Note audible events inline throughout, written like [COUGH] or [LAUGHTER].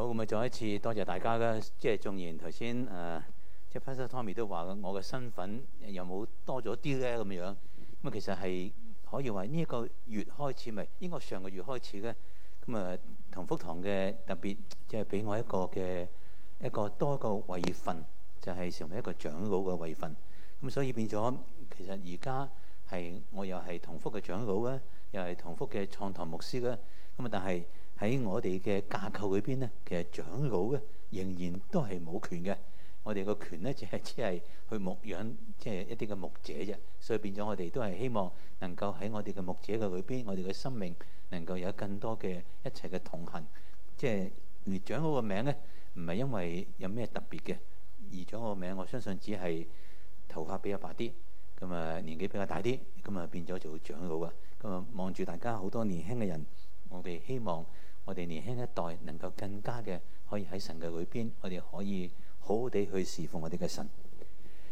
好，咁咪再一次多謝大家啦。即係縱然頭先誒，即係 Pastor Tommy 都話嘅，我嘅身份又冇多咗啲咧咁樣。咁啊，其實係可以話呢一個月開始咪，應該上個月開始咧。咁、嗯、啊，同福堂嘅特別即係俾我一個嘅一個多個位份，就係、是、成為一個長老嘅位份。咁、嗯、所以變咗，其實而家係我又係同福嘅長老咧，又係同福嘅創堂牧師啦。咁、嗯、啊，但係。喺我哋嘅架構裏邊呢，其實長老嘅仍然都係冇權嘅。我哋個權呢，就係只係去牧養，即係一啲嘅牧者啫。所以變咗，我哋都係希望能夠喺我哋嘅牧者嘅裏邊，我哋嘅生命能夠有更多嘅一切嘅同行。即係長老嘅名呢，唔係因為有咩特別嘅。而長老個名，我相信只係頭髮比較白啲，咁啊年紀比較大啲，咁啊變咗做長老啊。咁啊望住大家好多年輕嘅人，我哋希望。我哋年輕一代能夠更加嘅可以喺神嘅裏邊，我哋可以好好地去侍奉我哋嘅神。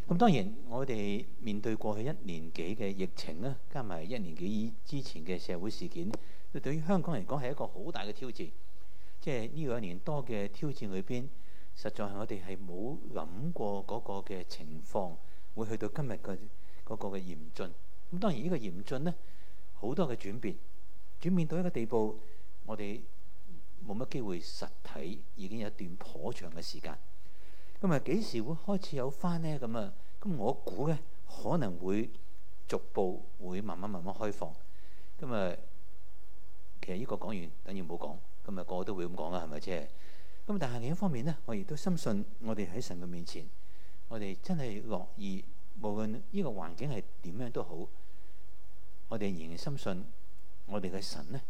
咁當然，我哋面對過去一年幾嘅疫情啦，加埋一年幾之前嘅社會事件，對於香港嚟講係一個好大嘅挑戰。即係呢兩年多嘅挑戰裏邊，實在係我哋係冇諗過嗰個嘅情況會去到今日嘅嗰個嘅嚴峻。咁當然，呢個嚴峻呢，好多嘅轉變，轉變到一個地步，我哋。冇乜機會實體，已經有一段頗長嘅時間，咁啊幾時會開始有翻呢？咁啊，咁我估呢可能會逐步會慢慢慢慢開放。咁啊，其實呢個講完，等於冇講。咁啊，個個都會咁講啦，係咪啫？咁。但係另一方面呢，我亦都深信我哋喺神嘅面前，我哋真係樂意，無論呢個環境係點樣都好，我哋仍然深信我哋嘅神呢。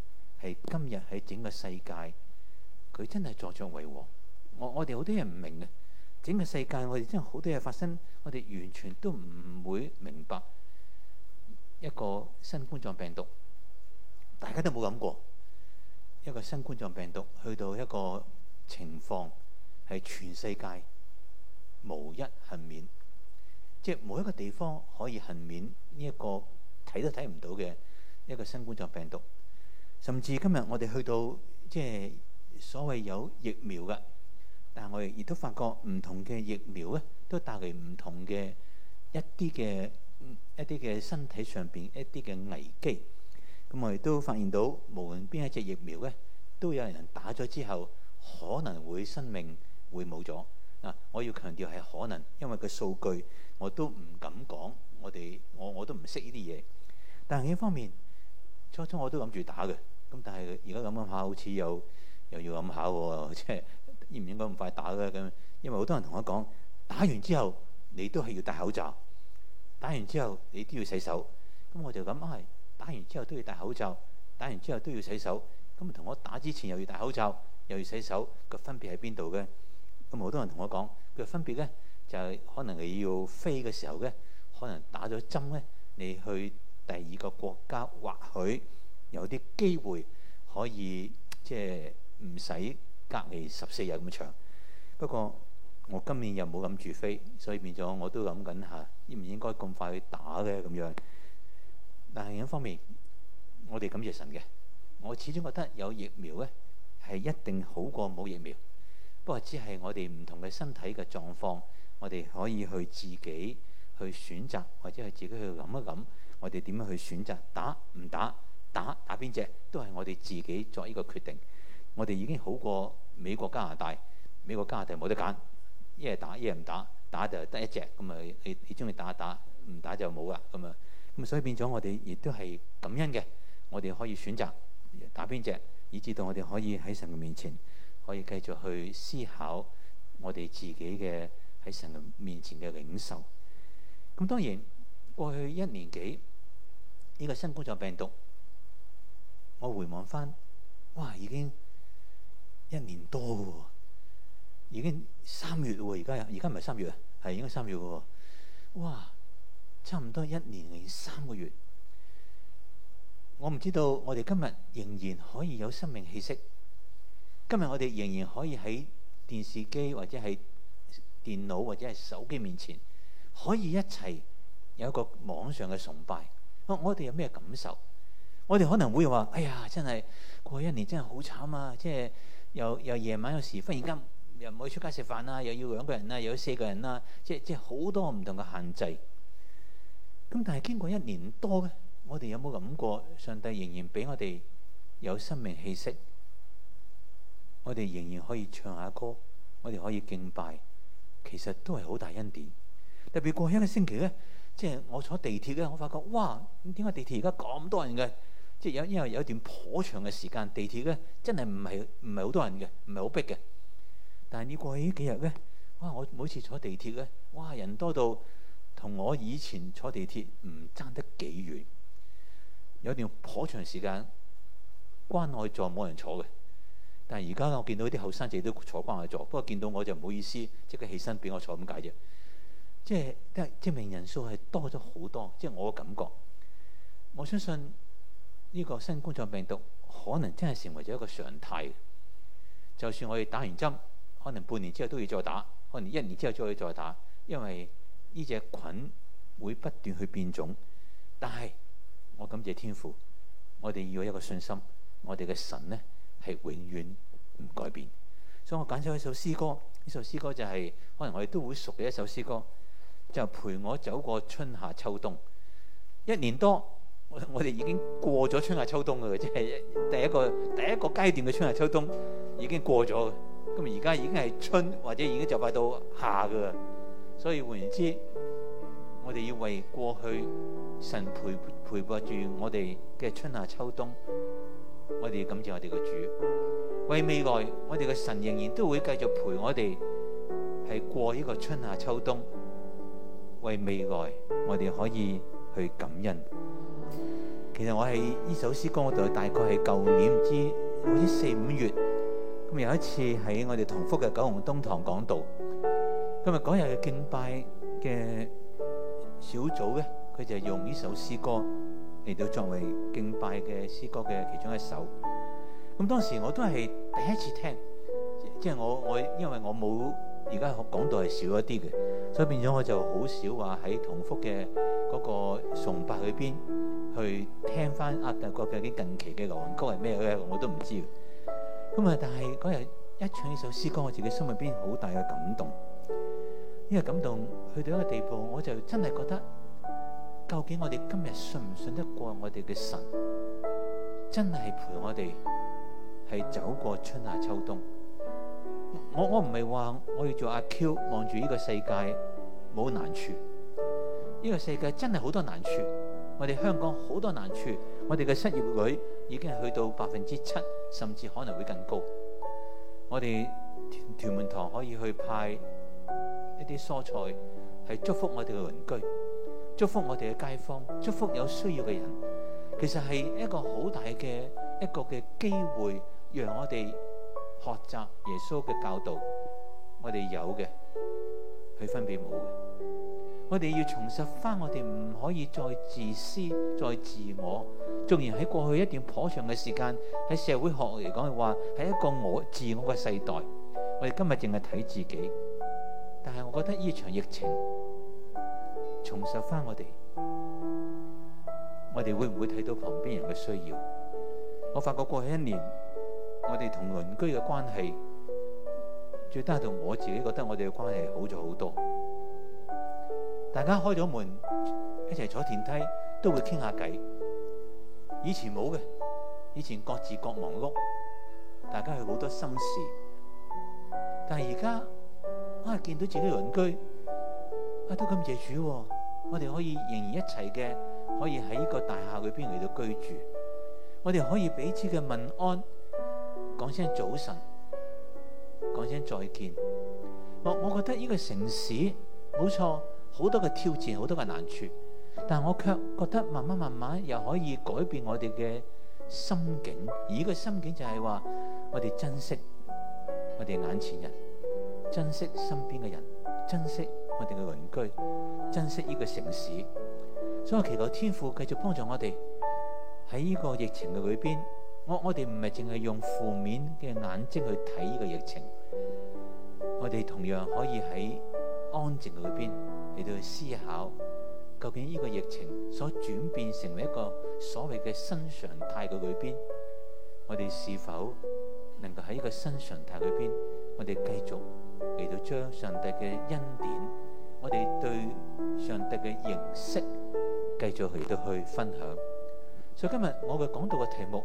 係今日喺整個世界，佢真係坐著為王。我我哋好多嘢唔明，整個世界我哋真係好多嘢發生，我哋完全都唔會明白一個新冠狀病毒，大家都冇諗過一個新冠狀病毒去到一個情況係全世界無一幸免，即係冇一個地方可以幸免呢一個睇都睇唔到嘅一個新冠狀病毒。甚至今日我哋去到即係所謂有疫苗嘅，但係我亦都發覺唔同嘅疫苗咧，都帶嚟唔同嘅一啲嘅一啲嘅身體上邊一啲嘅危機，咁我亦都發現到，無論邊一隻疫苗咧，都有人打咗之後可能會生命會冇咗啊！我要強調係可能，因為個數據我都唔敢講，我哋我我都唔識呢啲嘢。但係另一方面。初初我都諗住打嘅，咁但係而家諗諗下，好似又又要諗下喎，即係應唔應該咁快打咧？咁因為好多人同我講，打完之後你都係要戴口罩，打完之後你都要洗手。咁我就咁啊，打完之後都要戴口罩，打完之後都要洗手。咁同我打之前又要戴口罩，又要洗手，個分別喺邊度嘅？咁好多人同我講，佢分別咧就係可能你要飛嘅時候咧，可能打咗針咧，你去。第二個國家或許有啲機會可以即係唔使隔離十四日咁長。不過我今年又冇諗住飛，所以變咗我都諗緊吓應唔應該咁快去打嘅咁樣。但係另一方面，我哋感謝神嘅。我始終覺得有疫苗呢係一定好過冇疫苗。不過只係我哋唔同嘅身體嘅狀況，我哋可以去自己去選擇，或者係自己去諗一諗。我哋點樣去選擇打唔打？打打邊隻都係我哋自己作一個決定。我哋已經好過美國加拿大，美國加拿大冇得揀，一係打一係唔打，打就得一隻咁啊！你你中意打打，唔打，打就冇啊咁啊！咁所以變咗我哋亦都係感恩嘅。我哋可以選擇打邊隻，以至到我哋可以喺神嘅面前可以繼續去思考我哋自己嘅喺神嘅面前嘅領受。咁當然。過去一年幾呢、這個新冠狀病毒，我回望翻，哇！已經一年多喎，已經三月喎。而家而家唔係三月啊，係應該三月嘅喎。哇！差唔多一年零三個月，我唔知道我哋今日仍然可以有生命氣息，今日我哋仍然可以喺電視機或者係電腦或者係手機面前可以一齊。有一個網上嘅崇拜，我哋有咩感受？我哋可能會話：哎呀，真係過去一年真係好慘啊！即係又又夜晚有時忽然間又唔可以出街食飯啊，又要兩個人啊，又要四個人啊，即係即係好多唔同嘅限制。咁但係經過一年多咧，我哋有冇諗過？上帝仍然俾我哋有生命氣息，我哋仍然可以唱下歌，我哋可以敬拜，其實都係好大恩典。特別過去一個星期咧。即係我坐地鐵咧，我發覺哇，點解地鐵而家咁多人嘅？即係有因為有一段頗長嘅時間，地鐵咧真係唔係唔係好多人嘅，唔係好逼嘅。但係你過去呢幾日咧，哇！我每次坐地鐵咧，哇，人多到同我以前坐地鐵唔爭得幾遠。有一段頗長時間，關愛座冇人坐嘅。但係而家我見到啲後生仔都坐關愛座，不過見到我就唔好意思，即刻起身俾我坐咁解啫。即係即係，證明人數係多咗好多。即係我嘅感覺，我相信呢、這個新冠狀病毒可能真係成為咗一個常態。就算我哋打完針，可能半年之後都要再打，可能一年之後都要再打，因為呢隻菌會不斷去變種。但係我感謝天父，我哋要有一個信心，我哋嘅神呢係永遠唔改變。所以我揀咗一首詩歌，呢首詩歌就係、是、可能我哋都會熟嘅一首詩歌。就陪我走過春夏秋冬，一年多，我哋已經過咗春夏秋冬嘅，即係第一個第一個階段嘅春夏秋冬已經過咗。咁而家已經係春或者已經就快到夏嘅，所以換言之，我哋要為過去神陪陪伴住我哋嘅春夏秋冬，我哋要感謝我哋嘅主。為未來，我哋嘅神仍然都會繼續陪我哋係過呢個春夏秋冬。為未來，我哋可以去感恩。其實我喺呢首詩歌嗰度，大概係舊年唔知好似四五月，咁有一次喺我哋同福嘅九龍東堂講道，咁啊嗰日嘅敬拜嘅小組咧，佢就用呢首詩歌嚟到作為敬拜嘅詩歌嘅其中一首。咁當時我都係第一次聽，即係我我因為我冇。而家講到係少咗一啲嘅，所以變咗我就好少話喺同福嘅嗰個崇拜裏邊去聽翻阿泰國究竟近期嘅流行曲係咩咧？我都唔知咁啊，但係嗰日一唱呢首詩歌，我自己心入邊好大嘅感動，呢個感動去到一個地步，我就真係覺得，究竟我哋今日信唔信得過我哋嘅神，真係陪我哋係走過春夏秋冬。我我唔係話我要做阿 Q 望住呢個世界冇難處，呢個世界真係好多難處。我哋香港好多難處，我哋嘅失業率已經係去到百分之七，甚至可能會更高。我哋屯屯門堂可以去派一啲蔬菜，係祝福我哋嘅鄰居，祝福我哋嘅街坊，祝福有需要嘅人。其實係一個好大嘅一個嘅機會，讓我哋。學習耶穌嘅教導，我哋有嘅去分別冇嘅。我哋要重拾翻，我哋唔可以再自私、再自我。縱然喺過去一段頗長嘅時間，喺社會學嚟講，係話係一個我自我嘅世代。我哋今日淨係睇自己，但係我覺得呢場疫情重拾翻我哋，我哋會唔會睇到旁邊人嘅需要？我發覺過去一年。我哋同鄰居嘅關係，最低同我自己覺得我哋嘅關係好咗好多。大家開咗門一齊坐電梯都會傾下偈，以前冇嘅，以前各自各忙碌，大家有好多心事。但係而家啊，見到自己鄰居啊，都感謝主，哦，我哋可以仍然一齊嘅，可以喺呢個大廈裏邊嚟到居住。我哋可以彼此嘅問安。講聲早晨，講聲再見。我我覺得呢個城市冇錯，好多嘅挑戰，好多嘅難處，但我卻覺得慢慢慢慢又可以改變我哋嘅心境。而呢個心境就係話，我哋珍惜我哋眼前人，珍惜身邊嘅人，珍惜我哋嘅鄰居，珍惜呢個城市。所以我祈求天父繼續幫助我哋喺呢個疫情嘅裏邊。我我哋唔係淨係用負面嘅眼睛去睇呢個疫情，我哋同樣可以喺安靜裏邊嚟到去思考，究竟呢個疫情所轉變成為一個所謂嘅新常態嘅裏邊，我哋是否能夠喺呢個新常態裏邊，我哋繼續嚟到將上帝嘅恩典，我哋對上帝嘅認識繼續嚟到去分享。所以今日我嘅講道嘅題目。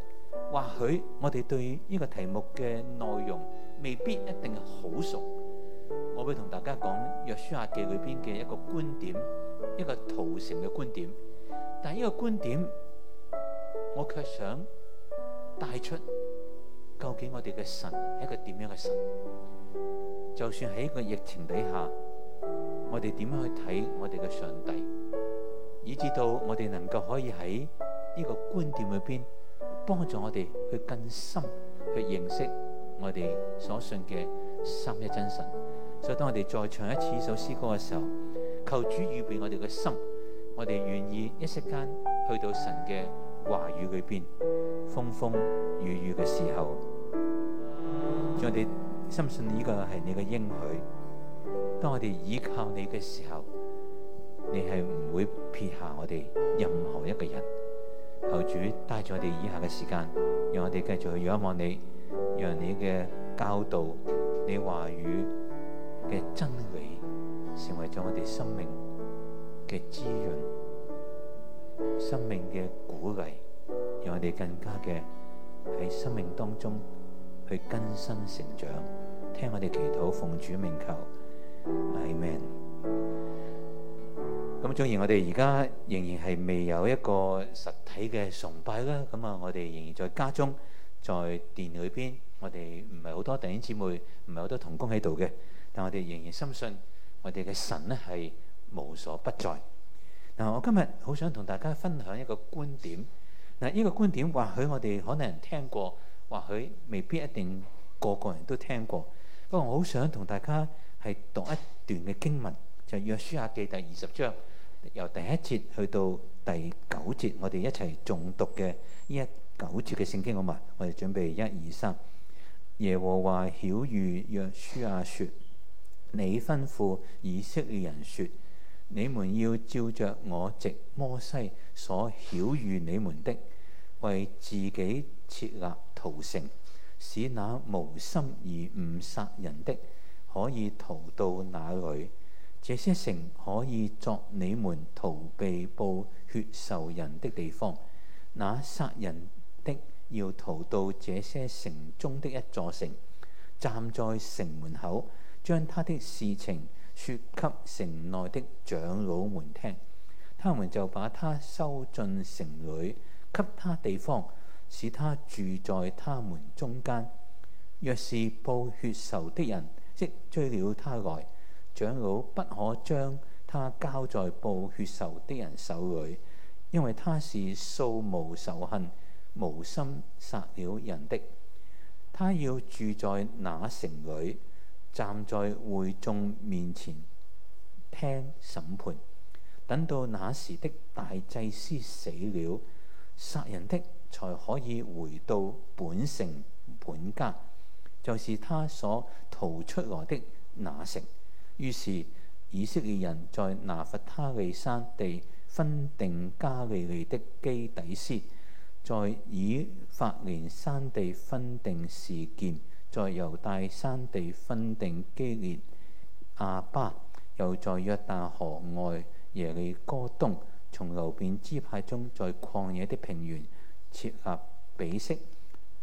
或許我哋對呢個題目嘅內容未必一定好熟，我會同大家講《約書亞記》裏邊嘅一個觀點，一個逃城嘅觀點。但係呢個觀點，我卻想帶出究竟我哋嘅神係一個點樣嘅神？就算喺一個疫情底下，我哋點樣去睇我哋嘅上帝，以至到我哋能夠可以喺呢個觀點裏邊。幫助我哋去更深去認識我哋所信嘅三一真神。所以當我哋再唱一次呢首詩歌嘅時候，求主預備我哋嘅心，我哋願意一息間去到神嘅話語裏邊，風風雨雨嘅時候，所以我哋深信呢個係你嘅應許。當我哋倚靠你嘅時候，你係唔會撇下我哋任何一個人。求主帶咗我哋以下嘅時間，讓我哋繼續去仰望你，讓你嘅教導、你話語嘅真理，成為咗我哋生命嘅滋潤、生命嘅鼓勵，讓我哋更加嘅喺生命當中去更新成長。聽我哋祈禱，奉主名求，阿門。咁，縱然我哋而家仍然係未有一個實體嘅崇拜啦，咁啊，我哋仍然在家中，在殿裏邊，我哋唔係好多弟兄姊妹，唔係好多同工喺度嘅，但係我哋仍然深信我哋嘅神呢係無所不在。嗱，我今日好想同大家分享一個觀點。嗱，呢個觀點或許我哋可能人聽過，或許未必一定個個人都聽過。不過我好想同大家係讀一段嘅經文。約書亞記第二十章由第一節去到第九節，我哋一齊重讀嘅一九節嘅聖經。好嘛我哋準備一二三。耶和華曉喻約書亞說：你吩咐以色列人說，你們要照着我藉摩西所曉喻你們的，為自己設立逃城，使那無心而誤殺人的可以逃到哪裏？這些城可以作你們逃避報血仇人的地方。那殺人的要逃到這些城中的一座城，站在城門口，將他的事情説給城內的長老們聽。他們就把他收進城裏，給他地方，使他住在他們中間。若是報血仇的人即追了他來。長老不可將他交在報血仇的人手裏，因為他是素無仇恨、無心殺了人的。他要住在那城裏，站在會眾面前聽審判。等到那時的大祭司死了，殺人的才可以回到本城本家，就是他所逃出來的那城。於是以色列人在拿弗他利山地分定加利利的基底斯，在以法蓮山地分定示劍，在猶大山地分定基列亞巴，又在約旦河外耶利哥東，從流便支派中，在曠野的平原設立比色；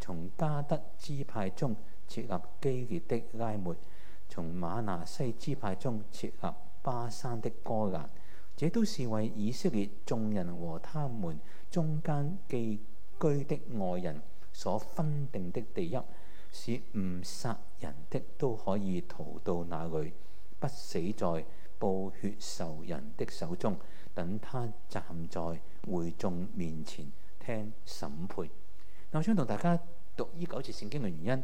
從加得支派中設立基列的拉末。從馬拿西支派中設立巴珊的哥蘭，這都是為以色列眾人和他們中間寄居的外人所分定的地邑，使誤殺人的都可以逃到那裡，不死在報血仇人的手中。等他站在會眾面前聽審判。我想同大家讀呢九節聖經嘅原因。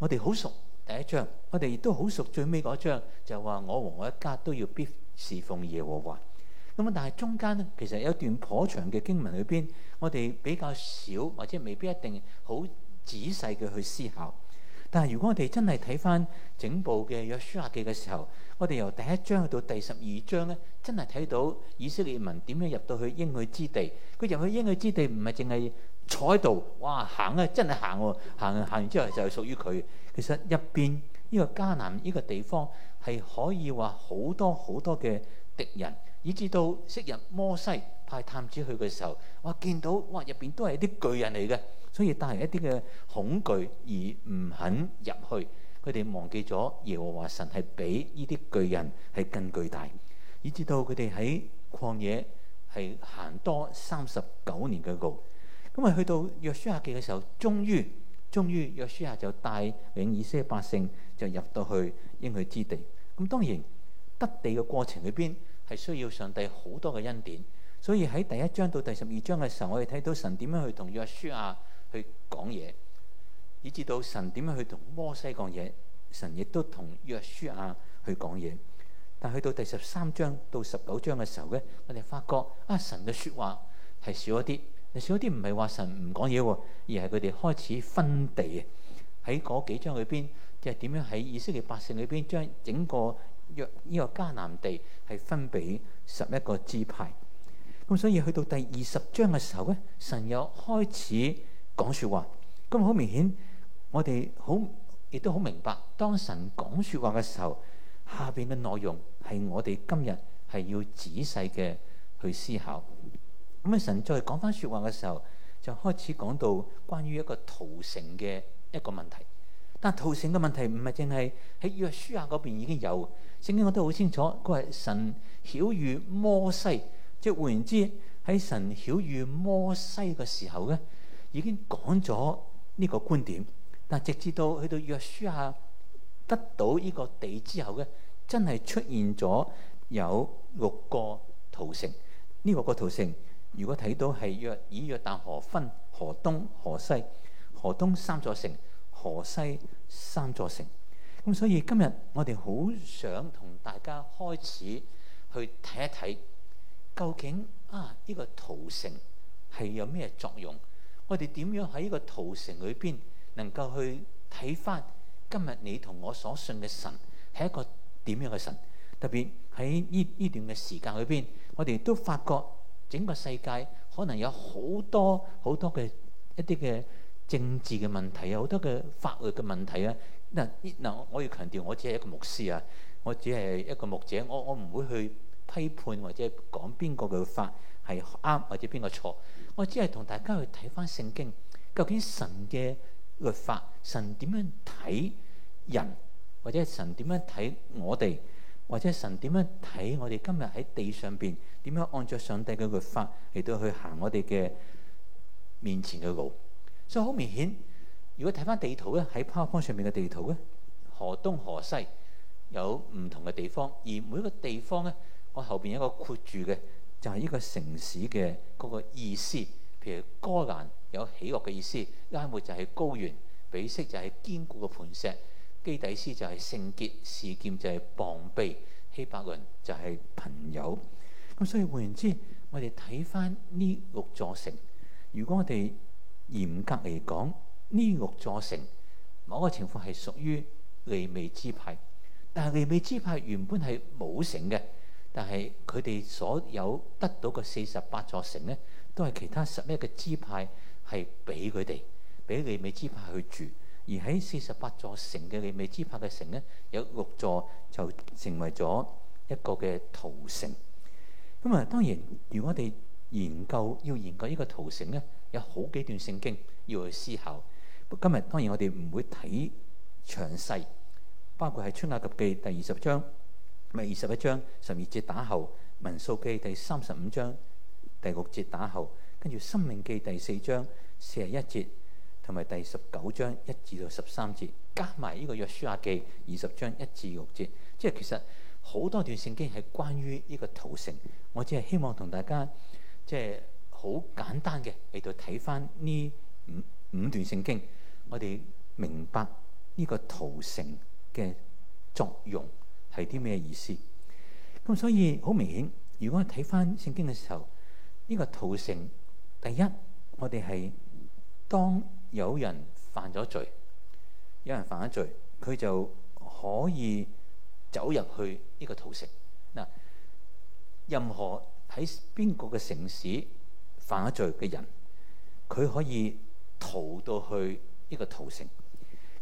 我哋好熟第一章，我哋亦都好熟最尾嗰一章就話我和我一家都要必侍奉耶和華。咁啊，但係中間呢，其實有一段頗長嘅經文裏邊，我哋比較少或者未必一定好仔細嘅去思考。但係如果我哋真係睇翻整部嘅約書亞記嘅時候，我哋由第一章去到第十二章呢，真係睇到以色列民點樣入到去應許之地。佢入去應許之地唔係淨係坐喺度，哇！行咧、啊，真係行喎、啊。行、啊、行完之後就係屬於佢。其實入邊呢個迦南呢、這個地方係可以話好多好多嘅敵人，以至到昔日摩西派探子去嘅時候，哇！見到哇入邊都係一啲巨人嚟嘅，所以帶嚟一啲嘅恐懼而唔肯入去。佢哋忘記咗耶和華神係比呢啲巨人係更巨大，以至到佢哋喺曠野係行多三十九年嘅路。因為去到約書亞記嘅時候，終於終於約書亞就帶領以色列百姓就入到去應許之地。咁當然得地嘅過程裏邊係需要上帝好多嘅恩典。所以喺第一章到第十二章嘅時候，我哋睇到神點樣去同約書亞去講嘢，以至到神點樣去同摩西講嘢，神亦都同約書亞去講嘢。但去到第十三章到十九章嘅時候呢，我哋發覺啊，神嘅説話係少一啲。少啲唔係話神唔講嘢，而係佢哋開始分地喺嗰幾章裏邊，即係點樣喺以色列百姓裏邊將整個約呢、這個迦南地係分俾十一個支派。咁所以去到第二十章嘅時候咧，神又開始講説話。咁好明顯，我哋好亦都好明白，當神講説話嘅時候，下邊嘅內容係我哋今日係要仔細嘅去思考。咁啊！神再講返説話嘅時候，就開始講到關於一個逃城嘅一個問題。但逃城嘅問題唔係淨係喺約書亞嗰邊已經有，聖經我都好清楚。佢係神曉諭摩西，即係換言之，喺神曉諭摩西嘅時候咧，已經講咗呢個觀點。但直至到去到約書亞得到呢個地之後咧，真係出現咗有六個逃城。呢、這、六個逃城。如果睇到係約以約旦河分河東河西，河東三座城，河西三座城。咁所以今日我哋好想同大家開始去睇一睇，究竟啊呢個逃城係有咩作用？我哋點樣喺呢個逃城裏邊能夠去睇翻今日你同我所信嘅神係一個點樣嘅神？特別喺呢呢段嘅時間裏邊，我哋都發覺。整個世界可能有好多好多嘅一啲嘅政治嘅問題啊，好多嘅法律嘅問題啊。嗱，嗱，我要強調，我只係一個牧師啊，我只係一個牧者，我我唔會去批判或者講邊個嘅法係啱或者邊個錯。我只係同大家去睇翻聖經，究竟神嘅律法，神點樣睇人，或者神點樣睇我哋。或者神點樣睇我哋今日喺地上邊，點樣按著上帝嘅律法嚟到去行我哋嘅面前嘅路，所以好明顯。如果睇翻地圖咧，喺拋荒上面嘅地圖咧，河東河西有唔同嘅地方，而每一個地方咧，我後邊有一個括住嘅，就係呢個城市嘅嗰個意思。譬如戈蘭有喜樂嘅意思，拉末就係高原，比色就係堅固嘅磐石。基底斯就係聖潔，示劍就係膀臂，希伯倫就係朋友。咁所以換言之，我哋睇翻呢六座城，如果我哋嚴格嚟講，呢六座城某個情況係屬於利未支派。但係利未支派原本係冇城嘅，但係佢哋所有得到嘅四十八座城咧，都係其他十一個支派係俾佢哋，俾利未支派去住。而喺四十八座城嘅利未支派嘅城呢，有六座就成為咗一個嘅逃城。咁啊，當然，如果我哋研究要研究呢個逃城呢，有好幾段聖經要去思考。今日當然我哋唔會睇詳細，包括係出埃及記第二十章、咪二十一章十二節打後，民數記第三十五章第六節打後，跟住申命記第四章四十一節。同埋第十九章一至到十三節，加埋呢個約書亞記二十章一至六節，即係其實好多段聖經係關於呢個逃城。我只係希望同大家即係好簡單嘅嚟到睇翻呢五五段聖經，我哋明白呢個逃城嘅作用係啲咩意思。咁所以好明顯，如果我睇翻聖經嘅時候，呢、這個逃城第一，我哋係當。有人犯咗罪，有人犯咗罪，佢就可以走入去呢個逃城。嗱，任何喺邊個嘅城市犯咗罪嘅人，佢可以逃到去呢個逃城。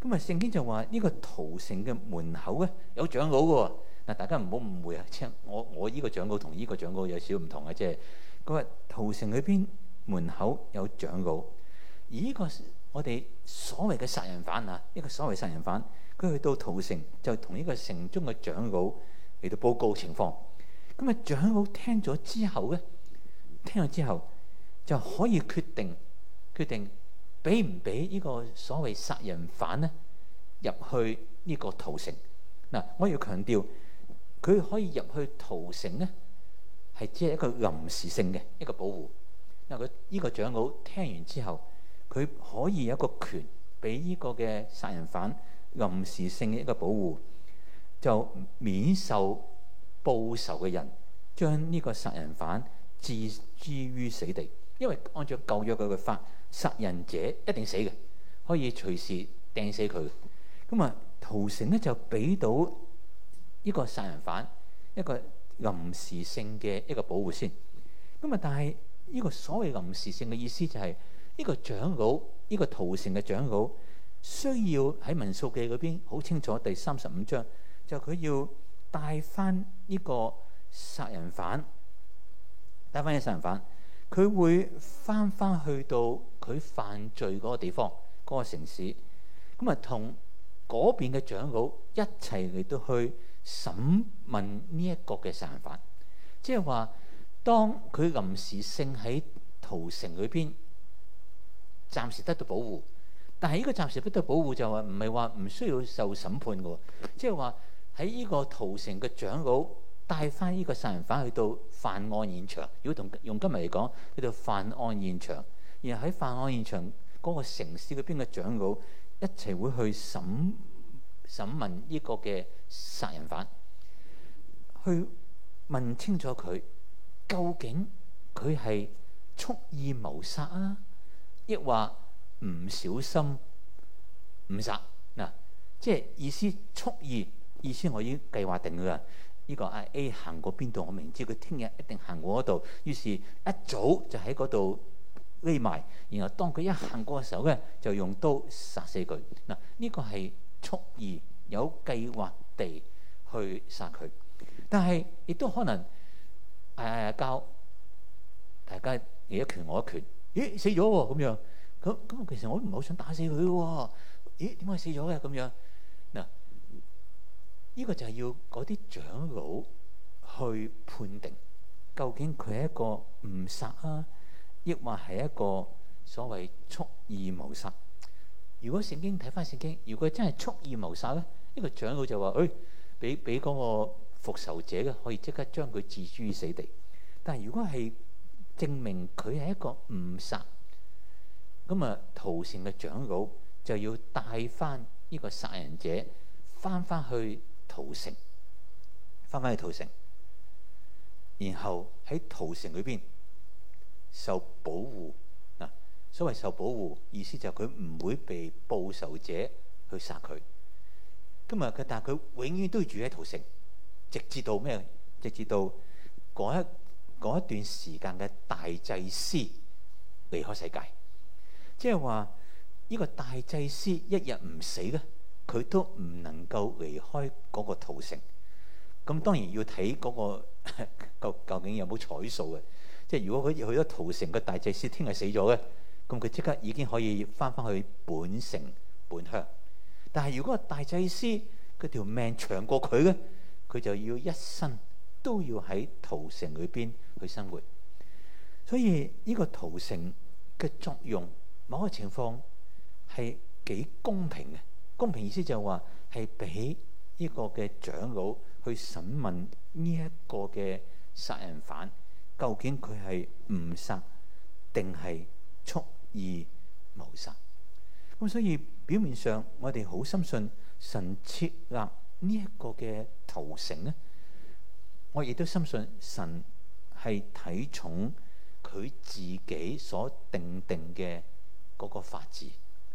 咁啊，聖經就話呢、這個逃城嘅門口咧有長老喎。嗱，大家唔好誤會啊，即係我我依個長老同呢個長老有少唔同嘅，即係佢話逃城裏邊門口有長老，而呢、這個。我哋所謂嘅殺人犯啊，一個所謂殺人犯，佢去到逃城就同一個城中嘅長老嚟到報告情況。咁啊，長老聽咗之後咧，聽咗之後就可以決定決定俾唔俾呢個所謂殺人犯咧入去呢個逃城。嗱，我要強調，佢可以入去逃城咧，係只係一個臨時性嘅一個保護，因為佢呢個長老聽完之後。佢可以有一個權，俾呢個嘅殺人犯臨時性嘅一個保護，就免受報仇嘅人將呢個殺人犯置諸於死地。因為按照舊約佢嘅法，殺人者一定死嘅，可以隨時掟死佢。咁啊，屠城咧就俾到呢個殺人犯一個臨時性嘅一個保護先。咁啊，但係呢個所謂臨時性嘅意思就係、是。呢個長老，呢、這個逃城嘅長老，需要喺《民數記》嗰邊好清楚。第三十五章就佢、是、要帶返呢個殺人犯，帶返呢殺人犯，佢會返返去到佢犯罪嗰個地方嗰、那個城市，咁啊，同嗰邊嘅長老一齊嚟到去審問呢一個嘅殺人犯。即係話，當佢臨時性喺逃城嗰邊。暫時得到保護，但係呢個暫時不得保護就話唔係話唔需要受審判嘅，即係話喺呢個逃城嘅長老帶翻呢個殺人犯去到犯案現場。如果同用今日嚟講，去到犯案現場，然後喺犯案現場嗰個城市嗰邊嘅長老一齊會去審審問呢個嘅殺人犯，去問清楚佢究竟佢係蓄意謀殺啊！亦話唔小心唔殺嗱，即係意思蓄意，意思我已經計劃定㗎。呢個阿 A 行過邊度，我明知佢聽日一定行過嗰度，於是，一早就喺嗰度匿埋。然後當佢一行過嘅時候咧，就用刀殺死佢嗱。呢個係蓄意有計劃地去殺佢，但係亦都可能嗌嗌誒交，呃、大家你一拳我一拳。咦死咗喎，咁樣，咁咁其實我唔係好想打死佢喎。咦點解死咗嘅咁樣？嗱，呢個就係要嗰啲長老去判定究竟佢係一個誤殺啊，抑或係一個所謂蓄意謀殺。如果聖經睇翻聖經，如果真係蓄意謀殺咧，呢個長老就話：誒，俾俾嗰個復仇者嘅，可以即刻將佢置諸於死地。但係如果係，證明佢係一個誤殺，咁啊，逃城嘅長老就要帶翻呢個殺人者翻翻去逃城，翻翻去逃城，然後喺逃城裏邊受保護。嗱，所謂受保護，意思就係佢唔會被報仇者去殺佢。今日佢，但係佢永遠都要住喺逃城，直至到咩？直至到嗰一。嗰一段時間嘅大祭司離開世界，即係話呢個大祭司一日唔死咧，佢都唔能夠離開嗰個逃城。咁當然要睇嗰個究 [LAUGHS] 究竟有冇彩數嘅。即係如果佢去咗逃城個大祭司聽日死咗咧，咁佢即刻已經可以翻返去本城本鄉。但係如果大祭司佢條命長過佢咧，佢就要一生，都要喺逃城裏邊去生活，所以呢個逃城嘅作用，某個情況係幾公平嘅。公平意思就係話係俾呢個嘅長老去審問呢一個嘅殺人犯，究竟佢係誤殺定係蓄意謀殺。咁所以表面上我哋好深信神設立呢一個嘅逃城咧。我亦都深信神係睇重佢自己所定定嘅嗰個法治，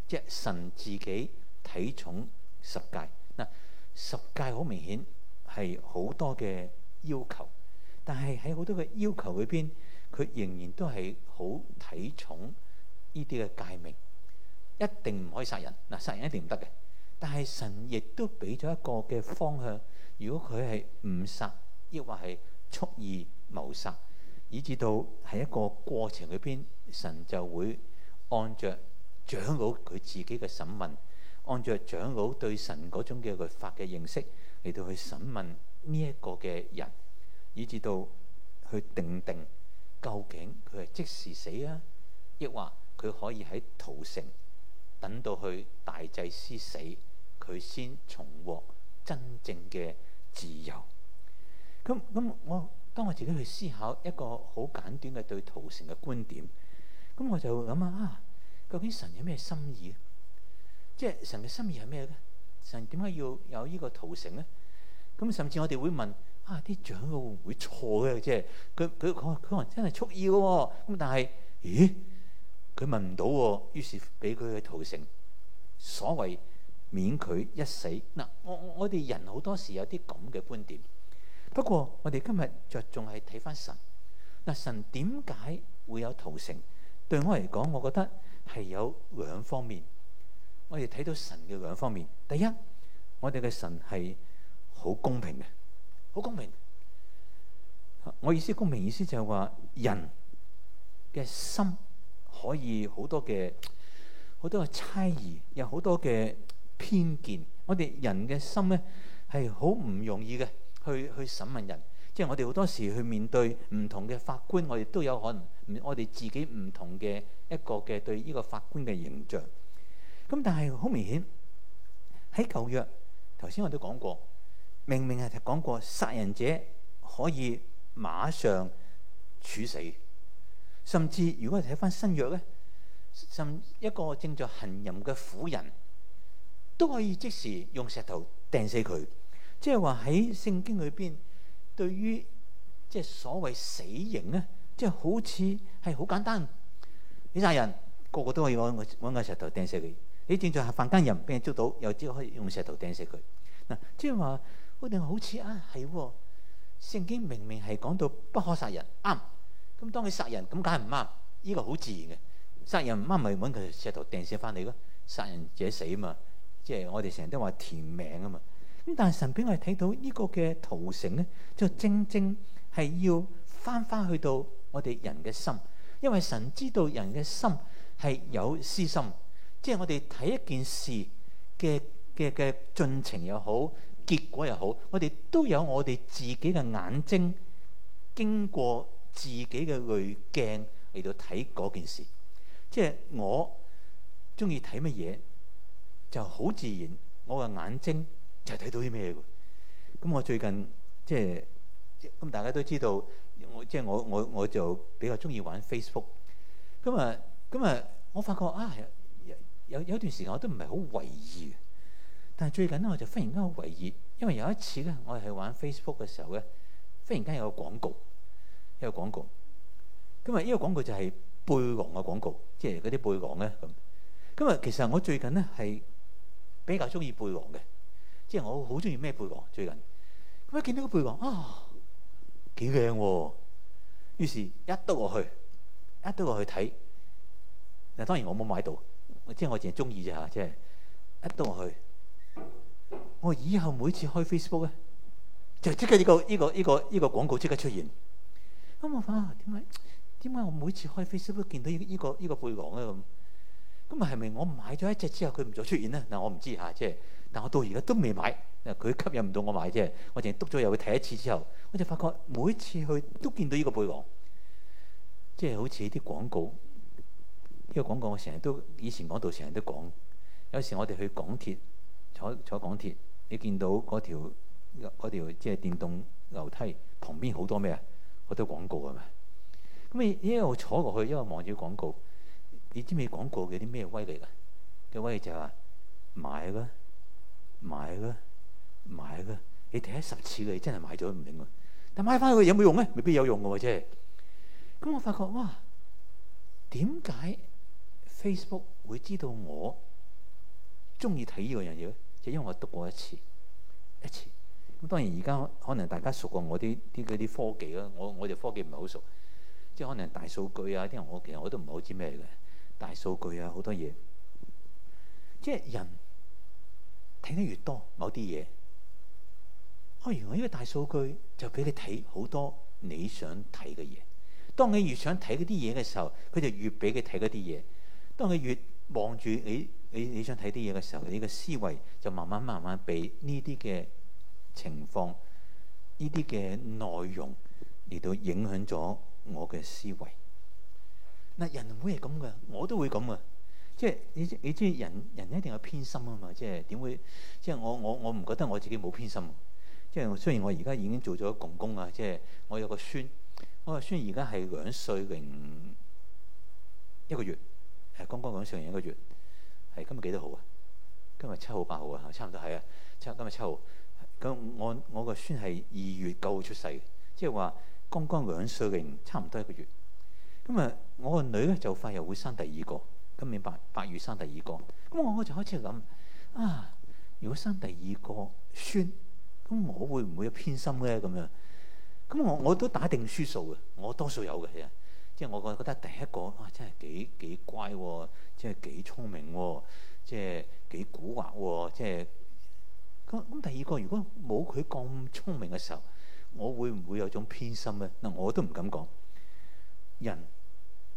即係神自己睇重十戒嗱。十戒好明顯係好多嘅要求，但係喺好多嘅要求裏邊，佢仍然都係好睇重呢啲嘅誡命。一定唔可以殺人嗱。殺人一定唔得嘅，但係神亦都俾咗一個嘅方向，如果佢係誤殺，抑或係蓄意謀殺，以至到喺一個過程裏邊，神就會按着長老佢自己嘅審問，按著長老對神嗰種嘅律法嘅認識嚟到去審問呢一個嘅人，以至到去定定究竟佢係即時死啊，抑或佢可以喺逃城等到去大祭司死，佢先重獲真正嘅自由。咁咁，我當我自己去思考一個好簡短嘅對逃城嘅觀點，咁我就諗啊，究竟神有咩心意咧？即係神嘅心意係咩咧？神點解要有呢個逃城咧？咁甚至我哋會問啊，啲長嘅會唔會錯咧？即係佢佢佢佢可能真係蓄意嘅、哦，咁但係，咦？佢問唔到喎，於是俾佢去逃城，所謂免佢一死。嗱、啊，我我哋人好多時有啲咁嘅觀點。不過我哋今日着重係睇翻神。嗱，神點解會有逃城？對我嚟講，我覺得係有兩方面。我哋睇到神嘅兩方面。第一，我哋嘅神係好公平嘅，好公，公平。我意思公平意思就係話人嘅心可以好多嘅好多嘅猜疑，有好多嘅偏見。我哋人嘅心咧係好唔容易嘅。去去審問人，即係我哋好多時去面對唔同嘅法官，我哋都有可能，我哋自己唔同嘅一個嘅對呢個法官嘅形象。咁但係好明顯，喺舊約頭先我都講過，明明係講過殺人者可以馬上處死，甚至如果睇翻新約呢，甚至一個正在行淫嘅婦人，都可以即時用石頭掟死佢。即係話喺聖經裏邊，對於即係所謂死刑咧，即係好似係好簡單。你殺人，個個都可以揾個揾個石頭掟死佢。你正在犯奸淫，俾人捉到又只可以用石頭掟死佢。嗱、啊，即係話我哋好似啊，係聖經明明係講到不可殺人，啱。咁當佢殺人，咁梗係唔啱。呢個好自然嘅，殺人唔啱咪揾佢石頭掟死翻嚟咯。殺人者死嘛，即係我哋成日都話填命啊嘛。咁但係神俾我哋睇到呢個嘅圖成咧，就正正係要翻翻去到我哋人嘅心，因為神知道人嘅心係有私心，即係我哋睇一件事嘅嘅嘅進程又好，結果又好，我哋都有我哋自己嘅眼睛，經過自己嘅濾鏡嚟到睇嗰件事，即係我中意睇乜嘢就好自然，我嘅眼睛。就係睇到啲咩喎？咁我最近即係咁，大家都知道我即係、就是、我我我就比較中意玩 Facebook。咁啊咁啊，我發覺啊，有有，有段時間我都唔係好為意。但係最近咧我就忽然間好為意，因為有一次咧，我係玩 Facebook 嘅時候咧，忽然間有個廣告，有個廣告。咁啊，呢個廣告就係背囊嘅廣告，即係嗰啲背囊咧咁。咁啊，其實我最近咧係比較中意背囊嘅。即係我好中意咩背囊。最近，咁一見到個背囊，啊幾靚喎，於是，一篤落去，一篤落去睇。嗱，當然我冇買到，即係我淨係中意啫嚇，即係一篤落去。我以後每次開 Facebook 咧，就即刻呢個呢個呢個呢個廣告即刻出現。咁我話點解？點解我每次開 Facebook 見到呢個呢個背囊咧咁？咁係咪我買咗一隻之後佢唔再出現咧？嗱，我唔知嚇，即係。但我到而家都未買，佢吸引唔到我買啫。我淨係督咗入去睇一次之後，我就發覺每次去都見到呢個背囊，即係好似啲廣告。呢、呢個廣告我成日都以前講到成日都講。有時我哋去港鐵坐坐港鐵，你見到嗰條嗰條即係電動樓梯旁邊好多咩啊？好多廣告係嘛。咁你一路坐過去，一路望住啲廣告，你知唔知廣告有啲咩威力㗎？嘅威力就係話買啦。買咯，買咯！你睇十次嘅，你真係買咗唔明喎。但係買翻去有冇用咧？未必有用嘅喎，即係。咁我發覺哇，點解 Facebook 會知道我中意睇呢個樣嘢咧？就因為我讀過一次，一次。咁當然而家可能大家熟過我啲啲啲科技咯。我我哋科技唔係好熟，即係可能大數據啊啲人，我其實我都唔係好知咩嘅。大數據啊，好多嘢。即係人。睇得越多某啲嘢，啊、哦！原來呢個大數據就俾你睇好多你想睇嘅嘢，當你越想睇嗰啲嘢嘅時候，佢就越俾你睇嗰啲嘢。當你越望住你你你想睇啲嘢嘅時候，你嘅思維就慢慢慢慢被呢啲嘅情況、呢啲嘅內容嚟到影響咗我嘅思維。嗱，人唔會係咁嘅，我都會咁嘅。即係你，你知人，人一定有偏心啊嘛。即係點會？即係我，我，我唔覺得我自己冇偏心。即係雖然我而家已經做咗公公啊，即係我有個孫，我個孫而家係兩歲零一個月，係剛剛兩歲零一個月。係今日幾多號啊？今日七號、八號啊，差唔多係啊。七今日七號咁，我我個孫係二月九號出世，即係話剛剛兩歲零差唔多一個月。咁啊，我個女咧就快又會生第二個。今年白，八月生第二個，咁我我就開始諗啊，如果生第二個孫，咁我會唔會有偏心咧？咁樣，咁我我都打定輸數嘅，我多數有嘅啫，即係我覺得第一個啊，真係幾幾乖，即係幾聰明，即係幾古惑，即係咁咁第二個，如果冇佢咁聰明嘅時候，我會唔會有種偏心咧？嗱，我都唔敢講，人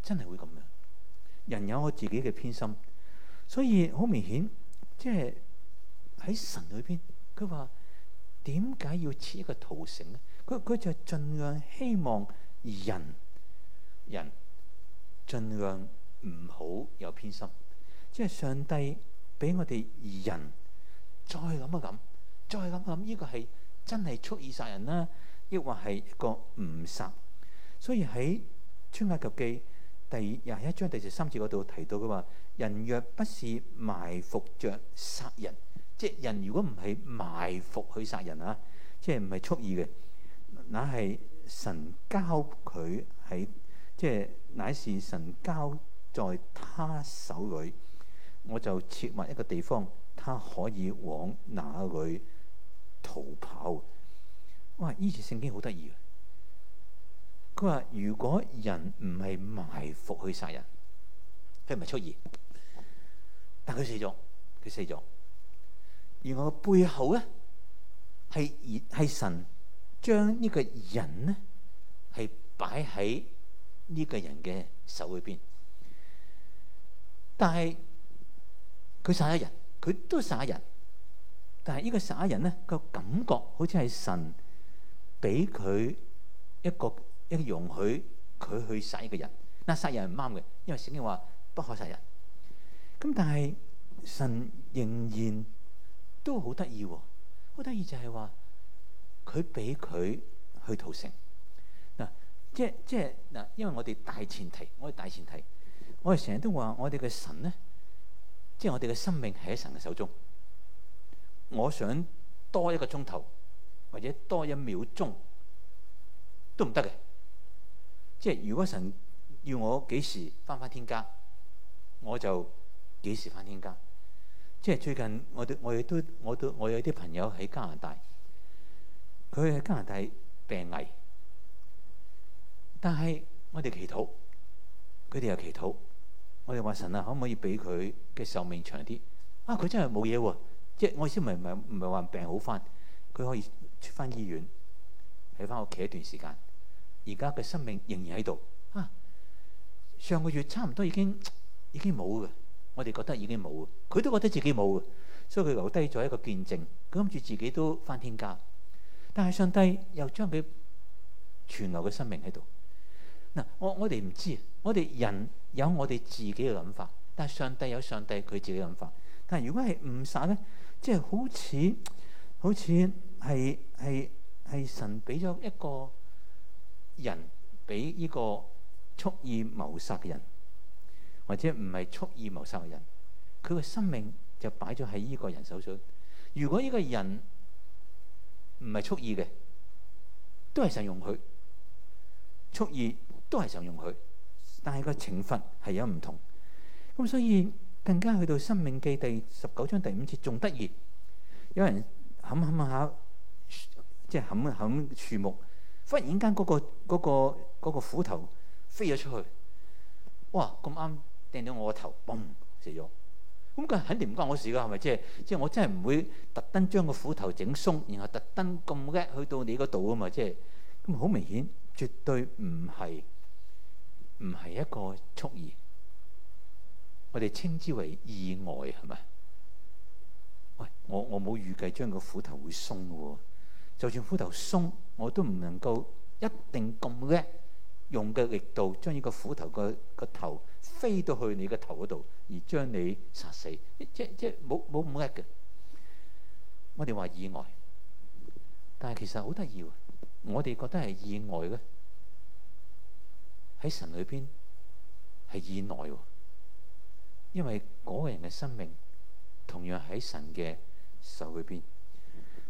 真係會咁樣。人有我自己嘅偏心，所以好明顯，即係喺神裏邊，佢話點解要設一個逃城咧？佢佢就盡量希望人人盡量唔好有偏心，即、就、係、是、上帝俾我哋人再諗一諗，再諗諗呢個係真係蓄意殺人啦、啊，抑或係一個誤殺？所以喺出埃及記。第二廿一章第十三節嗰度提到嘅話，人若不是埋伏着殺人，即係人如果唔係埋伏去殺人啊，即係唔係蓄意嘅，乃係神交佢喺，即係乃是神交在他手裏，我就設劃一個地方，他可以往哪裏逃跑。哇！呢節聖經好得意嘅。佢話：如果人唔係埋伏去殺人，佢唔係出意，但佢死咗，佢死咗。而我背後咧係係神將呢個人咧係擺喺呢個人嘅手裏邊，但係佢殺咗人，佢都殺咗人。但係呢個殺咗人咧，個感覺好似係神俾佢一個。一個容許佢去殺一個人，嗱殺人係唔啱嘅，因為聖經話不可殺人。咁但係神仍然都好得意，好得意就係話佢俾佢去逃城。嗱，即係即係嗱，因為我哋大前提，我哋大前提，我哋成日都話我哋嘅神咧，即係我哋嘅生命喺神嘅手中。我想多一個鐘頭或者多一秒鐘都唔得嘅。即係如果神要我幾時返返天家，我就幾時返天家。即係最近我哋我亦都我都我有啲朋友喺加拿大，佢喺加拿大病危，但係我哋祈禱，佢哋又祈禱，我哋話神啊，可唔可以俾佢嘅壽命長啲？啊，佢真係冇嘢喎，即係我意思唔係唔係唔係話病好返，佢可以出返醫院，喺返屋企一段時間。而家嘅生命仍然喺度啊！上個月差唔多已經已經冇嘅，我哋覺得已經冇嘅，佢都覺得自己冇嘅，所以佢留低咗一個見證。佢諗住自己都返天家，但係上帝又將佢存留嘅生命喺度。嗱，我我哋唔知，我哋人有我哋自己嘅諗法，但係上帝有上帝佢自己諗法。但係如果係誤殺咧，即係好似好似係係係神俾咗一個。人俾呢個蓄意謀殺嘅人，或者唔係蓄意謀殺嘅人，佢個生命就擺咗喺呢個人手上。如果呢個人唔係蓄意嘅，都係神容許；蓄意都係神容許，但係個懲罰係有唔同。咁所以更加去到《申命記》第十九章第五節仲得意，有人砍砍下，即係砍砍樹木。忽然間，嗰個嗰個嗰個斧頭飛咗出去，哇！咁啱掟到我個頭，嘣死咗。咁佢肯定唔關我事㗎，係咪？即係即係我真係唔會特登將個斧頭整鬆，然後特登咁叻去到你嗰度啊嘛！即係咁好明顯，絕對唔係唔係一個蓄意，我哋稱之為意外，係咪？喂，我我冇預計將個斧頭會鬆嘅喎，就算斧頭鬆。我都唔能夠一定咁叻，用嘅力度將呢個斧頭個個頭飛到去你個頭嗰度，而將你殺死，即即冇冇咁叻嘅。我哋話意外，但係其實好得意喎。我哋覺得係意外嘅，喺神裏邊係意外喎，因為嗰個人嘅生命同樣喺神嘅手裏邊。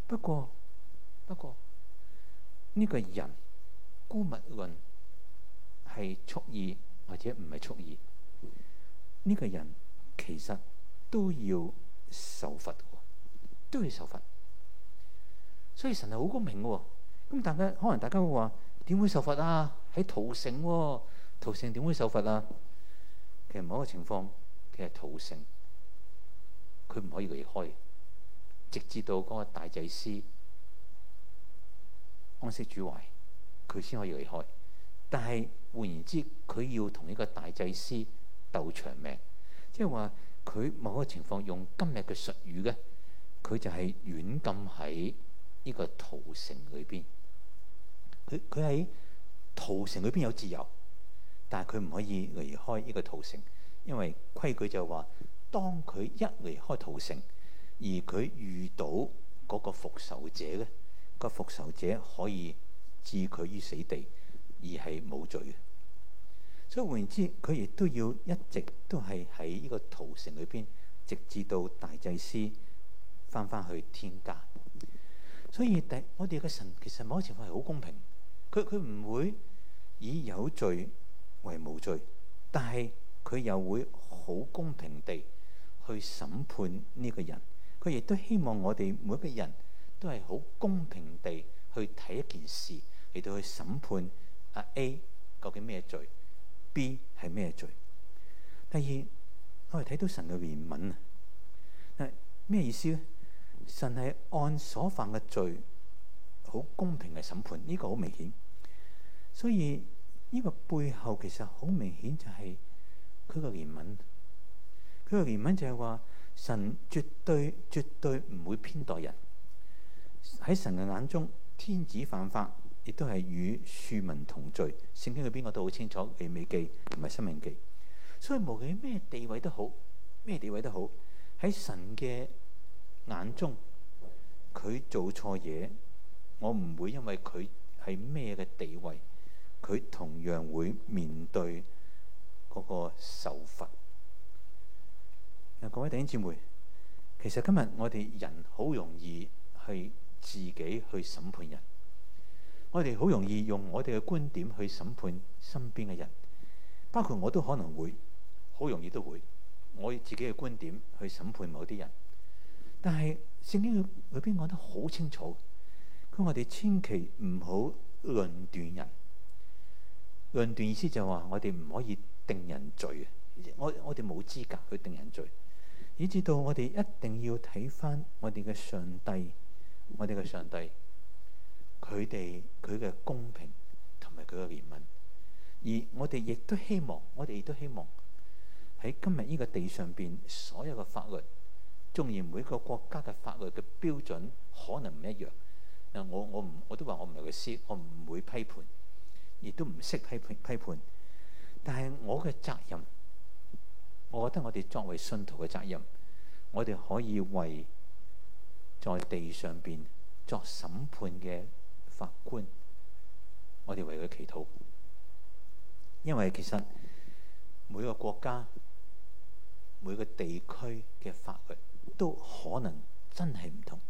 不過不過。呢個人姑勿論係蓄意或者唔係蓄意，呢、這個人其實都要受罰，都要受罰。所以神係好公平嘅。咁大家可能大家會話：點會受罰啊？喺逃城、啊，逃城點會受罰啊？其實某一個情況，其實逃城，佢唔可以離開，直至到嗰個大祭司。安息主懷，佢先可以離開。但係換言之，佢要同呢個大祭司鬥長命，即係話，佢某個情況，用今日嘅術語呢，佢就係軟禁喺呢個逃城裏邊。佢喺逃城裏邊有自由，但係佢唔可以離開呢個逃城，因為規矩就話，當佢一離開逃城，而佢遇到嗰個復仇者咧。個復仇者可以置佢於死地，而係冇罪。所以換言之，佢亦都要一直都係喺呢個屠城裏邊，直至到大祭司翻返去天家。所以我哋嘅神其實某個情況係好公平，佢佢唔會以有罪為無罪，但係佢又會好公平地去審判呢個人。佢亦都希望我哋每個人。都係好公平地去睇一件事嚟到去審判啊 A 究竟咩罪，B 係咩罪。第二，我哋睇到神嘅憐憫啊！咩意思咧？神係按所犯嘅罪好公平嘅審判，呢個好明顯。所以呢個背後其實好明顯就係佢嘅憐憫，佢嘅憐憫就係話神絕對絕對唔會偏待人。喺神嘅眼中，天子犯法，亦都係與庶民同罪。聖經裏邊個都好清楚，利未記同埋申命記。所以無論咩地位都好，咩地位都好，喺神嘅眼中，佢做錯嘢，我唔會因為佢係咩嘅地位，佢同樣會面對嗰個受罰。各位弟兄姊妹，其實今日我哋人好容易去。自己去審判人，我哋好容易用我哋嘅觀點去審判身邊嘅人，包括我都可能會好容易都會我自己嘅觀點去審判某啲人。但係聖經裏面講得好清楚，佢話我哋千祈唔好論斷人。論斷意思就係話我哋唔可以定人罪啊！我，我哋冇資格去定人罪，以至到我哋一定要睇返我哋嘅上帝。我哋嘅上帝，佢哋佢嘅公平同埋佢嘅憐憫，而我哋亦都希望，我哋亦都希望喺今日呢個地上邊，所有嘅法律，縱然每個國家嘅法律嘅標準可能唔一樣，啊，我我唔我都話我唔係律師，我唔會批判，亦都唔識批判批判，但係我嘅責任，我覺得我哋作為信徒嘅責任，我哋可以為。在地上邊作審判嘅法官，我哋為佢祈禱，因為其實每個國家、每個地區嘅法律都可能真係唔同。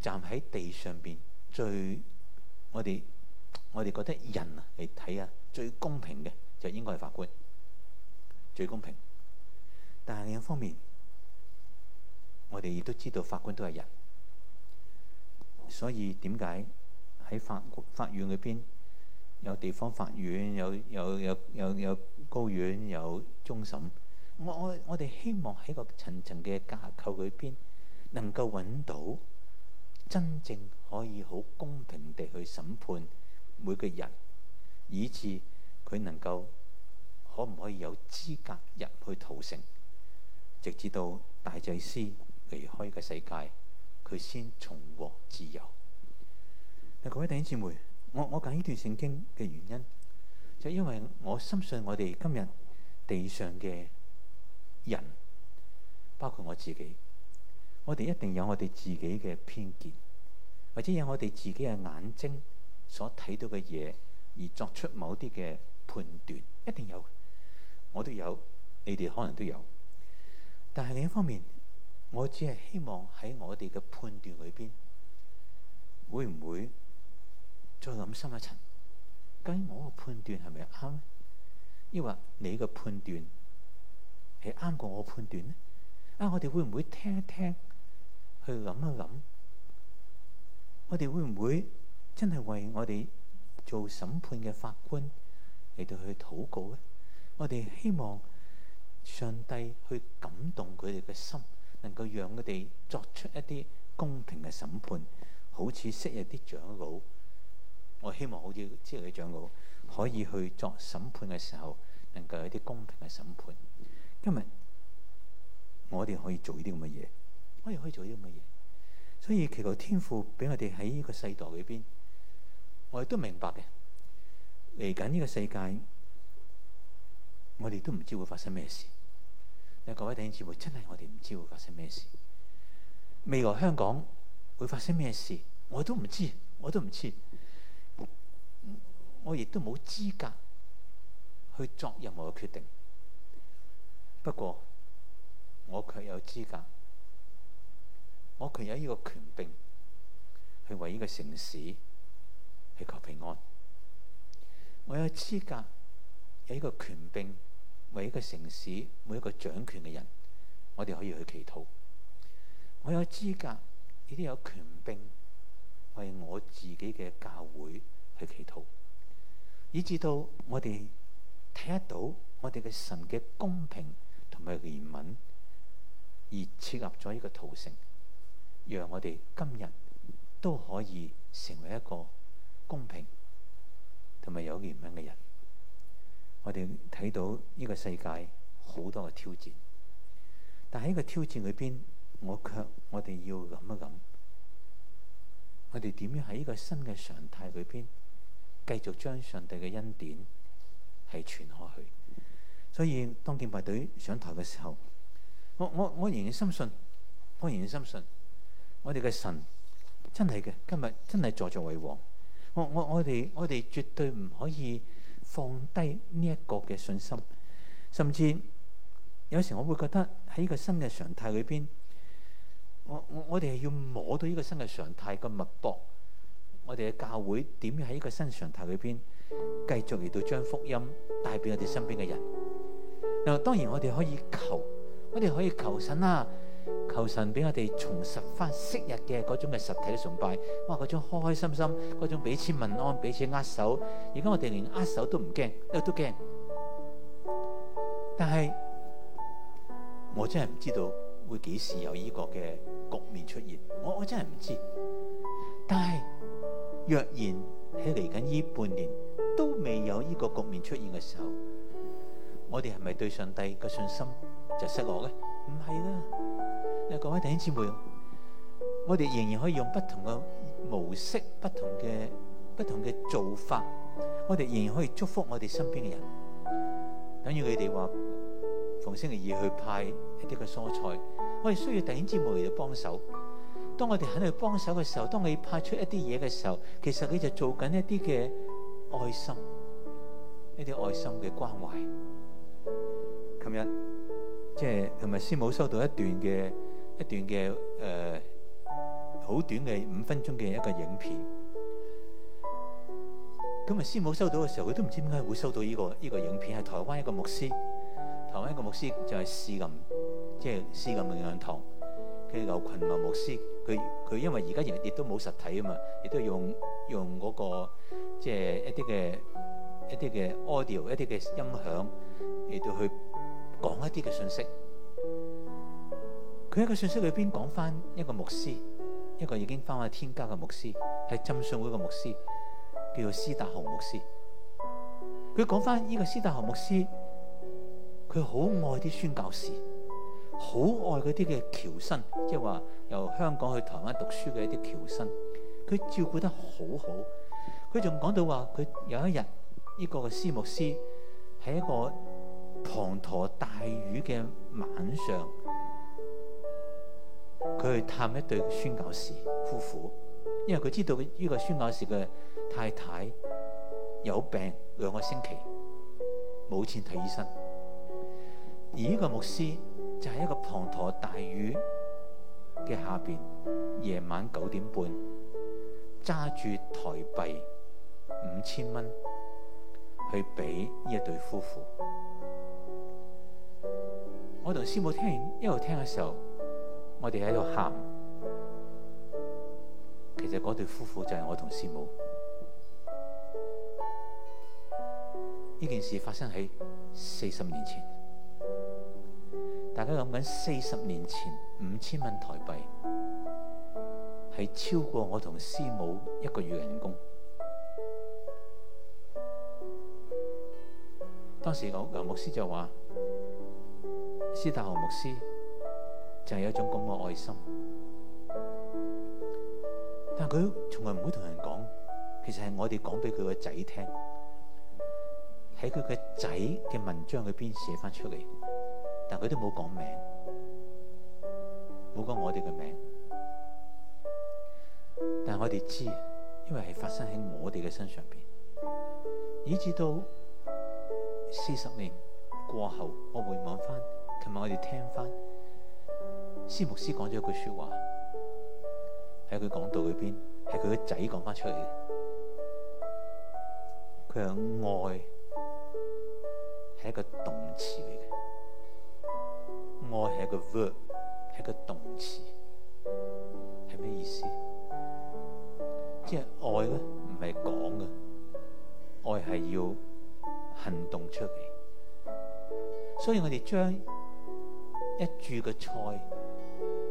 站喺地上邊最，我哋我哋覺得人嚟睇啊，最公平嘅就應該係法官，最公平。但係另一方面。我哋亦都知道法官都係人，所以點解喺法法院裏邊有地方法院，有有有有有高院，有終審，我我哋希望喺個層層嘅架構裏邊能夠揾到真正可以好公平地去審判每個人，以至佢能夠可唔可以有資格入去逃城，直至到大祭司。離開嘅世界，佢先重獲自由。嗱，各位弟兄姊妹，我我揀呢段聖經嘅原因，就係因為我深信，我哋今日地上嘅人，包括我自己，我哋一定有我哋自己嘅偏見，或者有我哋自己嘅眼睛所睇到嘅嘢而作出某啲嘅判斷，一定有。我都有，你哋可能都有。但係另一方面。我只係希望喺我哋嘅判斷裏邊，會唔會再諗深一層？究竟我個判斷係咪啱呢？抑或你個判斷係啱過我判斷呢？啊，我哋會唔會聽一聽，去諗一諗？我哋會唔會真係為我哋做審判嘅法官嚟到去禱告呢？我哋希望上帝去感動佢哋嘅心。能夠讓佢哋作出一啲公平嘅審判，好似昔日啲長老，我希望好似之後嘅長老可以去作審判嘅時候，能夠有啲公平嘅審判。今日我哋可以做呢啲咁嘅嘢，我哋可以做呢啲咁嘅嘢，所以祈求天父俾我哋喺呢個世代裏邊，我哋都明白嘅。嚟緊呢個世界，我哋都唔知會發生咩事。各位弟兄姊妹，真係我哋唔知會發生咩事。未來香港會發生咩事，我都唔知，我都唔知。我亦都冇資格去作任何嘅決定。不過，我卻有資格，我卻有呢個權柄去為呢個城市去求平安。我有資格有呢個權柄。為一個城市，每一個掌權嘅人，我哋可以去祈禱。我有資格，呢啲有權柄為我自己嘅教會去祈禱，以至到我哋睇得到我哋嘅神嘅公平同埋憐憫，而設立咗呢個逃城，讓我哋今日都可以成為一個公平同埋有憐憫嘅人。我哋睇到呢個世界好多嘅挑戰，但喺呢個挑戰裏邊，我卻我哋要諗一諗，我哋點樣喺呢個新嘅常態裏邊繼續將上帝嘅恩典係傳開去。所以當敬拜隊上台嘅時候，我我我仍然深信，我仍然深信，我哋嘅神真係嘅，今日真係坐著為王。我我我哋我哋絕對唔可以放低呢一個嘅信心，甚至有時我會覺得喺呢個新嘅常態裏邊，我我我哋係要摸到呢個新嘅常態嘅脈搏，我哋嘅教會點樣喺呢個新常態裏邊繼續嚟到將福音帶俾我哋身邊嘅人？嗱，當然我哋可以求，我哋可以求神啦。求神俾我哋重拾翻昔日嘅嗰種嘅實體嘅崇拜，哇！嗰種開開心心，嗰種彼此問安、彼此握手。而家我哋連握手都唔驚，都驚。但係我真係唔知道會幾時有呢個嘅局面出現。我我真係唔知。但係若然喺嚟緊呢半年都未有呢個局面出現嘅時候，我哋係咪對上帝嘅信心就失落咧？唔係啦。各位弟兄姊妹，我哋仍然可以用不同嘅模式，不同嘅，不同嘅做法，我哋仍然可以祝福我哋身邊嘅人。等於佢哋話逢星期二去派一啲嘅蔬菜，我哋需要弟兄姊妹嚟到幫手。當我哋肯去幫手嘅時候，當你派出一啲嘢嘅時候，其實佢就做緊一啲嘅愛心，一啲愛心嘅關懷。琴日即係同埋師母收到一段嘅。一段嘅誒，好短嘅，五分鐘嘅一個影片，咁啊師母收到嘅時候，佢都唔知點解會收到呢個呢個影片，係台灣一個牧師，台灣一個牧師就係士林，即係士林嘅養堂佢劉群茂牧師，佢佢因為而家亦亦都冇實體啊嘛，亦都用用嗰個即係一啲嘅一啲嘅 audio 一啲嘅音響亦都去講一啲嘅信息。佢喺個信息裏邊講翻一個牧師，一個已經翻去天家嘅牧師，係浸信會嘅牧師，叫做施達雄牧師。佢講翻呢個施達雄牧師，佢好愛啲宣教士，好愛嗰啲嘅僑生，即係話由香港去台灣讀書嘅一啲僑生，佢照顧得好好。佢仲講到話，佢有一日呢個施牧師喺一個滂沱大雨嘅晚上。佢去探一對宣教士夫婦，因為佢知道呢個宣教士嘅太太有病兩個星期，冇錢睇醫生，而呢個牧師就喺一個滂沱大雨嘅下邊，夜晚九點半，揸住台幣五千蚊去俾呢一對夫婦。我同師母聽一路聽嘅時候。我哋喺度喊，其實嗰對夫婦就係我同師母。呢件事發生喺四十年前，大家諗緊四十年前五千蚊台幣係超過我同師母一個月人工。當時我牛牧師就話：斯達豪牧師就係一種咁嘅愛心，但係佢從來唔會同人講。其實係我哋講俾佢個仔聽，喺佢嘅仔嘅文章裏邊寫翻出嚟，但佢都冇講名，冇講我哋嘅名。但係我哋知，因為係發生喺我哋嘅身上邊，以至到四十年過後，我回望翻，琴日我哋聽翻。斯牧師講咗一句說話，喺佢講道裏邊，係佢個仔講翻出嚟嘅。佢話愛係一個動詞嚟嘅，愛係個 verb，係個動詞，係咩意思？即係愛咧，唔係講嘅，愛係要行動出嚟。所以我哋將一注嘅菜。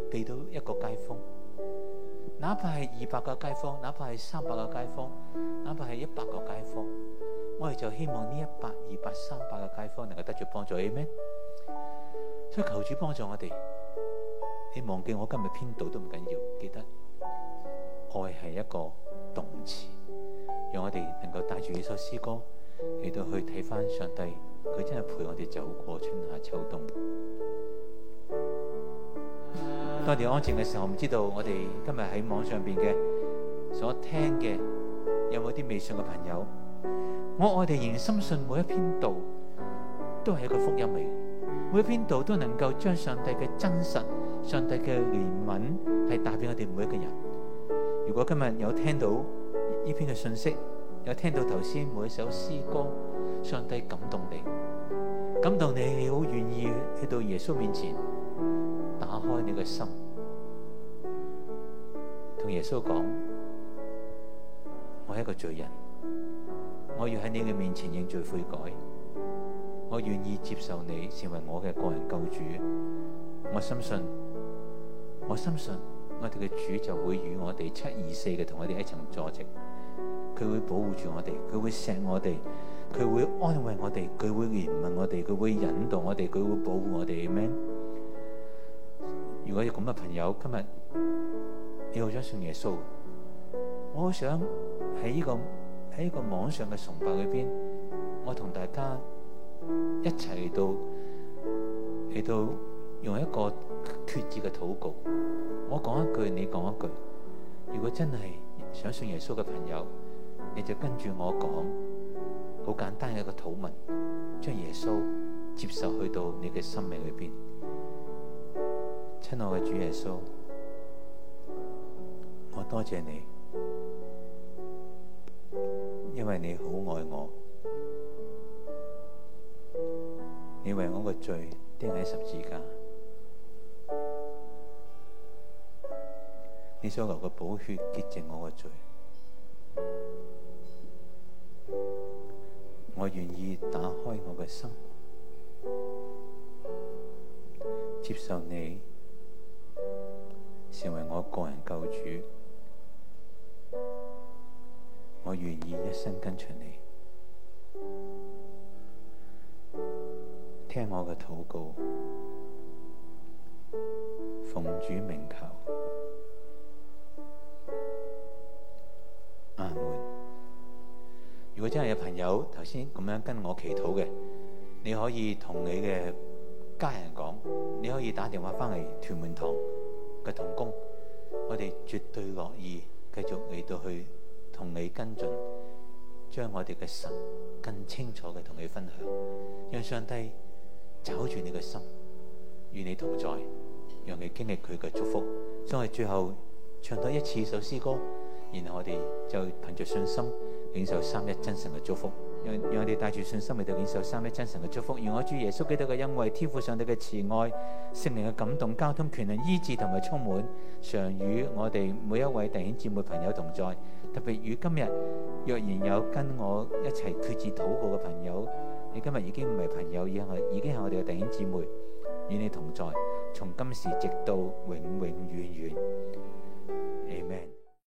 避到一個街坊，哪怕係二百個街坊，哪怕係三百個街坊，哪怕係一百個街坊，我哋就希望呢一百、二百、三百個街坊能夠得著幫助，Amen。所以求主幫助我哋，你忘記我今日編導都唔緊要，記得愛係一個動詞，讓我哋能夠帶住呢首詩歌，嚟到去睇翻上帝，佢真係陪我哋走過春夏秋冬。當我哋安靜嘅時候，唔知道我哋今日喺網上邊嘅所聽嘅有冇啲未信嘅朋友。我我哋仍深信每一篇道都係一個福音嚟，每一篇道都能夠將上帝嘅真實、上帝嘅憐憫係帶俾我哋每一個人。如果今日有聽到呢篇嘅信息，有聽到頭先每一首詩歌，上帝感動你，感動你你好願意去到耶穌面前，打開你嘅心，同耶穌講：我係一個罪人，我要喺你嘅面前認罪悔改。我願意接受你成為我嘅個人救主。我相信，我相信，我哋嘅主就會與我哋七二四嘅同我哋一齊坐席。佢會保護住我哋，佢會錫我哋，佢會安慰我哋，佢會憐憫我哋，佢會引導我哋，佢會，會保護我哋，咩？如果有咁嘅朋友，今日你好想信耶穌。我好想喺呢個喺呢個網上嘅崇拜裏邊，我同大家一齊嚟到嚟到用一個決志嘅禱告。我講一句，你講一句。如果真係想信耶穌嘅朋友，你就跟住我講好簡單嘅一個禱文，將耶穌接受去到你嘅生命裏邊。親愛嘅主耶穌，我多謝你，因為你好愛我，你為我嘅罪釘喺十字架，你所流嘅寶血潔淨我嘅罪，我願意打開我嘅心，接受你，成為我個人救主，我願意一生跟隨你，聽我嘅禱告，奉主名求。阿門。如果真係有朋友頭先咁樣跟我祈禱嘅，你可以同你嘅家人講，你可以打電話返嚟屯門堂。嘅同工，我哋絕對樂意繼續嚟,到去同你跟進，將我哋嘅神更清楚嘅同你分享，讓上帝找住你嘅心，與你同在，讓你經歷佢嘅祝福。所以我哋最後唱多一次首詩歌，然後我哋就憑着信心領受三一真神嘅祝福。讓，讓我哋帶住信心嚟到領受三一真神嘅祝福，願我主耶穌基督嘅恩惠、天父上帝嘅慈愛、聖靈嘅感動、交通、權能、醫治同埋充滿，常與我哋每一位弟兄姊妹朋友同在。特別與今日若然有跟我一齊決志禱告嘅朋友，你今日已經唔係朋友，已經係已經係我哋嘅弟兄姊妹，與你同在，從今時直到永永遠遠。Amen。